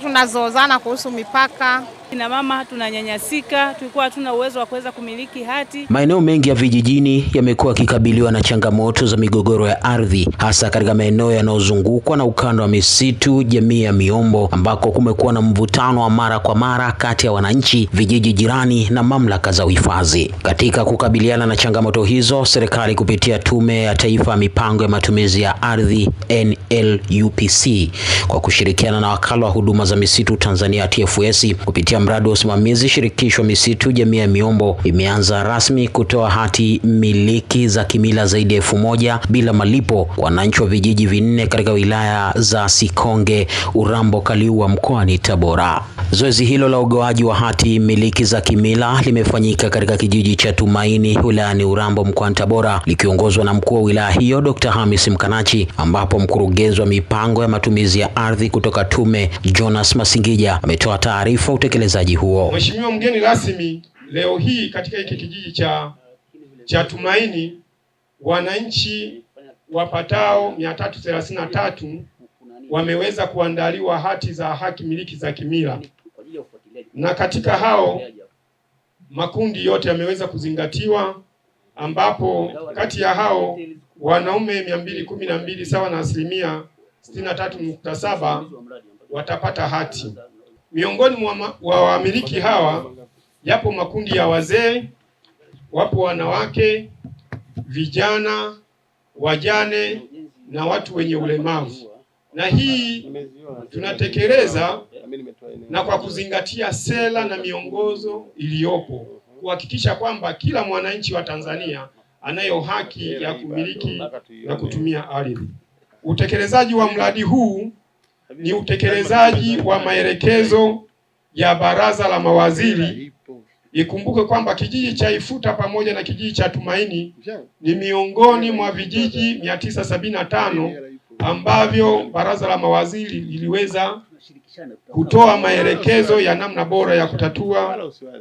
tunazozana kuhusu mipaka. Kina mama tunanyanyasika, tulikuwa hatuna uwezo wa kuweza kumiliki hati. Maeneo mengi ya vijijini yamekuwa yakikabiliwa na changamoto za migogoro ya ardhi, hasa katika maeneo yanayozungukwa na ukanda wa misitu, jamii ya miombo, ambako kumekuwa na mvutano wa mara kwa mara kati ya wananchi, vijiji jirani na mamlaka za uhifadhi. Katika kukabiliana na changamoto hizo, serikali kupitia Tume ya Taifa ya Mipango ya Matumizi ya Ardhi NLUPC kwa kushirikiana na wakala wa huduma za misitu Tanzania TFS kupitia ya mradi wa usimamizi shirikisho misitu jamii ya miombo imeanza rasmi kutoa hati miliki za kimila zaidi ya elfu moja bila malipo kwa wananchi wa vijiji vinne katika wilaya za Sikonge, Urambo, Kaliua mkoani Tabora. Zoezi hilo la ugawaji wa hati miliki za kimila limefanyika katika kijiji cha Tumaini wilayani Urambo mkoani Tabora likiongozwa na mkuu wa wilaya hiyo Dr. Hamis Mkanachi, ambapo mkurugenzi wa mipango ya matumizi ya ardhi kutoka tume Jonas Masingija ametoa taarifa utekelezaji huo. Mheshimiwa mgeni rasmi, leo hii katika hiki kijiji cha, cha Tumaini wananchi wapatao 333 wameweza kuandaliwa hati za haki miliki za kimila, na katika hao makundi yote yameweza kuzingatiwa, ambapo kati ya hao wanaume mia mbili kumi na mbili sawa na asilimia sitini na tatu nukta saba watapata hati. Miongoni mwa wamiliki hawa yapo makundi ya wazee, wapo wanawake, vijana, wajane na watu wenye ulemavu na hii tunatekeleza na kwa kuzingatia sera na miongozo iliyopo kuhakikisha kwamba kila mwananchi wa Tanzania anayo haki ya kumiliki na kutumia ardhi. Utekelezaji wa mradi huu ni utekelezaji wa maelekezo ya Baraza la Mawaziri. Ikumbuke kwamba kijiji cha Ifuta pamoja na kijiji cha Tumaini ni miongoni mwa vijiji mia tisa sabini na tano ambavyo baraza la mawaziri liliweza kutoa maelekezo ya namna bora ya kutatua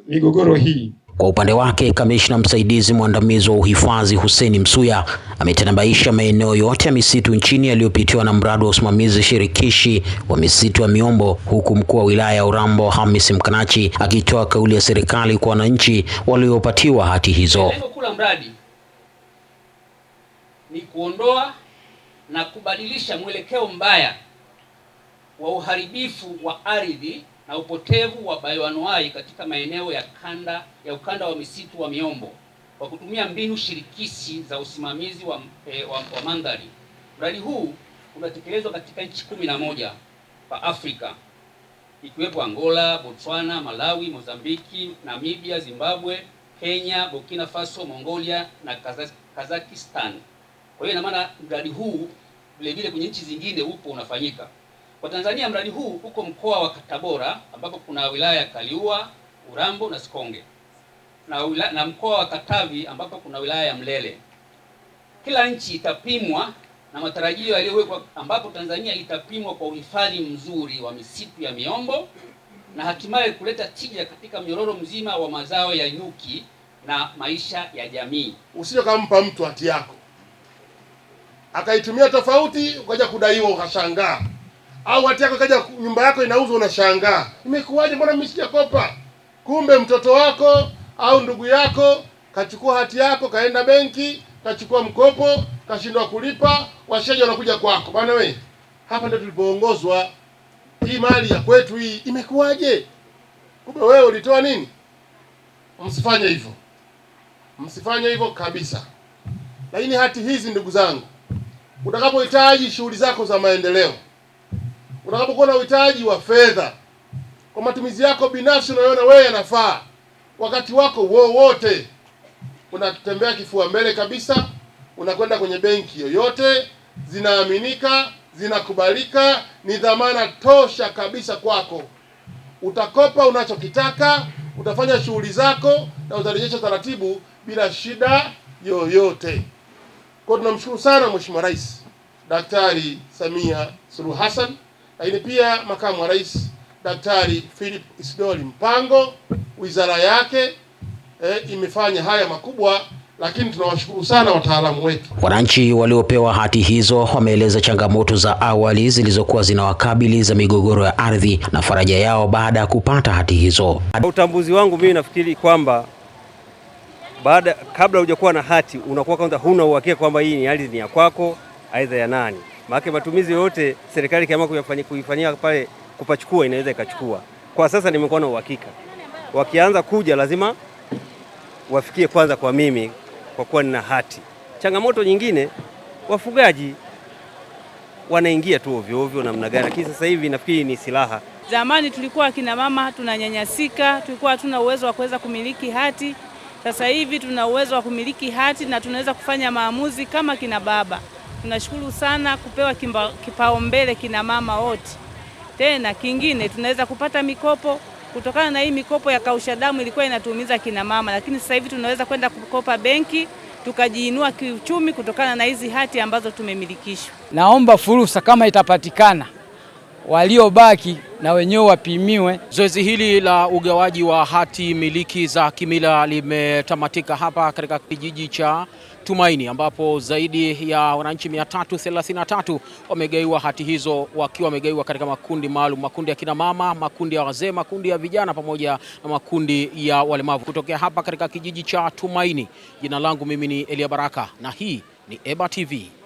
migogoro hii. Kwa upande wake, kamishna msaidizi mwandamizi wa uhifadhi Hussein Msuya ametanabaisha maeneo yote ya misitu nchini yaliyopitiwa na mradi wa usimamizi shirikishi wa misitu ya Miombo, huku mkuu wa wilaya ya Urambo Hamis Mkanachi akitoa kauli ya serikali kwa wananchi waliopatiwa hati hizo. Lengo kuu la mradi ni kuondoa na kubadilisha mwelekeo mbaya wa uharibifu wa ardhi na upotevu wa bayoanuai katika maeneo ya kanda ya ukanda wa misitu wa miombo kwa kutumia mbinu shirikisi za usimamizi wa, eh, wa, wa mandhari. Mradi huu unatekelezwa katika nchi kumi na moja pa Afrika ikiwepo Angola, Botswana, Malawi, Mozambiki, Namibia, Zimbabwe, Kenya, Burkina Faso, Mongolia na Kazakh kwa hiyo ina maana mradi huu vile vile kwenye nchi zingine upo unafanyika. Kwa Tanzania mradi huu uko mkoa wa Tabora ambapo kuna wilaya ya Kaliua, Urambo na Sikonge na, wila, na mkoa wa Katavi ambapo kuna wilaya ya Mlele. Kila nchi itapimwa na matarajio yaliyowekwa, ambapo Tanzania itapimwa kwa uhifadhi mzuri wa misitu ya miombo na hatimaye kuleta tija katika mnyororo mzima wa mazao ya nyuki na maisha ya jamii. Usije kampa mtu hati yako akaitumia tofauti, ukaja kudaiwa, ukashangaa. Au hati yako ikaja, nyumba yako inauzwa, unashangaa imekuwaje, mbona mimi sijakopa? Kumbe mtoto wako au ndugu yako kachukua hati yako, kaenda benki, kachukua mkopo, kashindwa kulipa, washaji wanakuja kwako, bwana we, hapa ndio tulipoongozwa, hii mali ya kwetu hii imekuwaje? Kumbe wewe ulitoa nini? Msifanye hivyo, msifanye hivyo kabisa. Lakini hati hizi ndugu zangu utakapohitaji shughuli zako za maendeleo, utakapokuwa na uhitaji wa fedha kwa matumizi yako binafsi, unayoona wewe yanafaa, wakati wako wowote, unatembea kifua mbele kabisa, unakwenda kwenye benki yoyote, zinaaminika, zinakubalika, ni dhamana tosha kabisa kwako. Utakopa unachokitaka, utafanya shughuli zako na utarejesha taratibu bila shida yoyote. Kwa tunamshukuru sana Mheshimiwa Rais Daktari Samia Suluhu Hassan, lakini pia makamu wa rais Daktari Philip Isdori Mpango, wizara yake eh, imefanya haya makubwa lakini tunawashukuru sana wataalamu wetu. Wananchi waliopewa hati hizo wameeleza changamoto za awali zilizokuwa zinawakabili za migogoro ya ardhi na faraja yao baada ya kupata hati hizo. Utambuzi wangu mimi nafikiri kwamba baada, kabla hujakuwa na hati unakuwa kwanza huna uhakika kwamba hii ni ardhi ni ya kwako aidha ya nani, maana matumizi yote serikali kama kuifanyia pale kupachukua inaweza ikachukua. Kwa sasa nimekuwa na uhakika, wakianza kuja lazima wafikie kwanza kwa mimi kwa kuwa nina hati. Changamoto nyingine wafugaji wanaingia tu ovyo ovyo namna gani, lakini sasa hivi nafikiri ni silaha. Zamani tulikuwa akina mama tunanyanyasika, tulikuwa hatuna uwezo wa kuweza kumiliki hati. Sasa hivi tuna uwezo wa kumiliki hati na tunaweza kufanya maamuzi kama kina baba. Tunashukuru sana kupewa kipaumbele kina mama wote. Tena kingine, tunaweza kupata mikopo kutokana na hii mikopo ya kausha damu ilikuwa inatuumiza kina mama, lakini sasa hivi tunaweza kwenda kukopa benki tukajiinua kiuchumi kutokana na hizi hati ambazo tumemilikishwa. Naomba fursa kama itapatikana waliobaki na wenyewe wapimiwe. Zoezi hili la ugawaji wa hati miliki za kimila limetamatika hapa katika kijiji cha Tumaini ambapo zaidi ya wananchi 333 wamegaiwa hati hizo wakiwa wamegaiwa katika makundi maalum, makundi ya kina mama, makundi ya wazee, makundi ya vijana pamoja na makundi ya walemavu. Kutokea hapa katika kijiji cha Tumaini, jina langu mimi ni Elia Baraka na hii ni EBA TV.